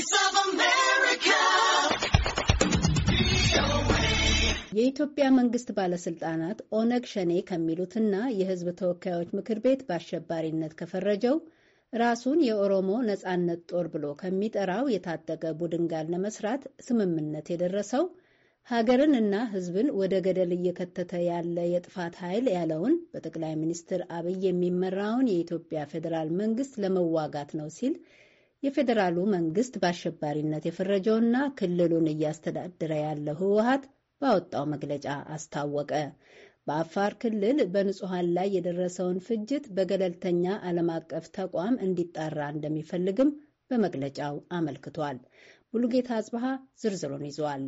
Voice of America. የኢትዮጵያ መንግስት ባለስልጣናት ኦነግ ሸኔ ከሚሉትና የህዝብ ተወካዮች ምክር ቤት በአሸባሪነት ከፈረጀው ራሱን የኦሮሞ ነጻነት ጦር ብሎ ከሚጠራው የታጠቀ ቡድን ጋር ለመስራት ስምምነት የደረሰው ሀገርን እና ህዝብን ወደ ገደል እየከተተ ያለ የጥፋት ኃይል ያለውን በጠቅላይ ሚኒስትር አብይ የሚመራውን የኢትዮጵያ ፌዴራል መንግስት ለመዋጋት ነው ሲል የፌዴራሉ መንግስት በአሸባሪነት የፈረጀውና ክልሉን እያስተዳደረ ያለው ህወሀት ባወጣው መግለጫ አስታወቀ። በአፋር ክልል በንጹሐን ላይ የደረሰውን ፍጅት በገለልተኛ ዓለም አቀፍ ተቋም እንዲጣራ እንደሚፈልግም በመግለጫው አመልክቷል። ሙሉጌታ አጽብሃ ዝርዝሩን ይዟል።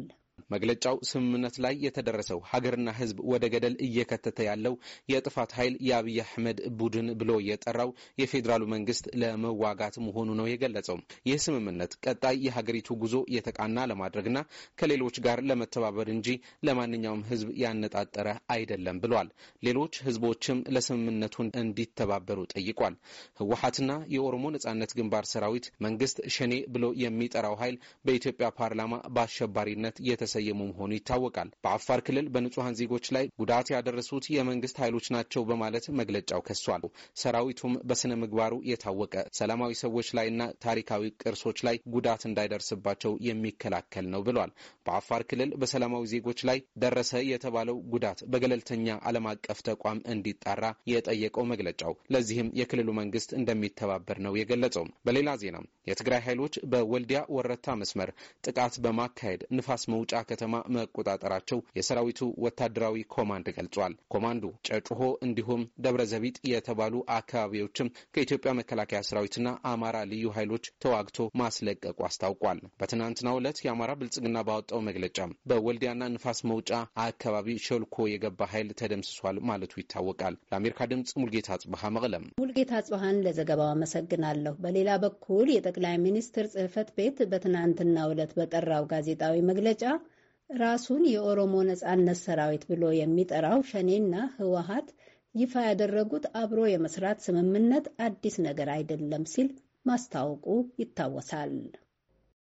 መግለጫው ስምምነት ላይ የተደረሰው ሀገርና ሕዝብ ወደ ገደል እየከተተ ያለው የጥፋት ኃይል የአብይ አህመድ ቡድን ብሎ የጠራው የፌዴራሉ መንግስት ለመዋጋት መሆኑ ነው የገለጸው። ይህ ስምምነት ቀጣይ የሀገሪቱ ጉዞ የተቃና ለማድረግና ከሌሎች ጋር ለመተባበር እንጂ ለማንኛውም ሕዝብ ያነጣጠረ አይደለም ብሏል። ሌሎች ሕዝቦችም ለስምምነቱ እንዲተባበሩ ጠይቋል። ህወሀትና የኦሮሞ ነጻነት ግንባር ሰራዊት መንግስት ሸኔ ብሎ የሚጠራው ኃይል በኢትዮጵያ ፓርላማ በአሸባሪነት የ የተሰየሙ መሆኑ ይታወቃል። በአፋር ክልል በንጹሐን ዜጎች ላይ ጉዳት ያደረሱት የመንግስት ኃይሎች ናቸው በማለት መግለጫው ከሷል። ሰራዊቱም በስነ ምግባሩ የታወቀ ሰላማዊ ሰዎች ላይና ታሪካዊ ቅርሶች ላይ ጉዳት እንዳይደርስባቸው የሚከላከል ነው ብሏል። በአፋር ክልል በሰላማዊ ዜጎች ላይ ደረሰ የተባለው ጉዳት በገለልተኛ ዓለም አቀፍ ተቋም እንዲጣራ የጠየቀው መግለጫው ለዚህም የክልሉ መንግስት እንደሚተባበር ነው የገለጸው። በሌላ ዜና የትግራይ ኃይሎች በወልዲያ ወረታ መስመር ጥቃት በማካሄድ ንፋስ መውጫ ጨጫ ከተማ መቆጣጠራቸው የሰራዊቱ ወታደራዊ ኮማንድ ገልጿል። ኮማንዱ ጨጩሆ እንዲሁም ደብረ ዘቢጥ የተባሉ አካባቢዎችም ከኢትዮጵያ መከላከያ ሰራዊትና አማራ ልዩ ኃይሎች ተዋግቶ ማስለቀቁ አስታውቋል። በትናንትናው ዕለት የአማራ ብልጽግና ባወጣው መግለጫ በወልዲያና ንፋስ መውጫ አካባቢ ሸልኮ የገባ ኃይል ተደምስሷል ማለቱ ይታወቃል። ለአሜሪካ ድምጽ ሙልጌታ አጽበሀ መቅለም። ሙልጌታ አጽበሀን ለዘገባው አመሰግናለሁ። በሌላ በኩል የጠቅላይ ሚኒስትር ጽህፈት ቤት በትናንትናው ዕለት በጠራው ጋዜጣዊ መግለጫ ራሱን የኦሮሞ ነጻነት ሰራዊት ብሎ የሚጠራው ሸኔና ህወሀት ይፋ ያደረጉት አብሮ የመስራት ስምምነት አዲስ ነገር አይደለም ሲል ማስታወቁ ይታወሳል።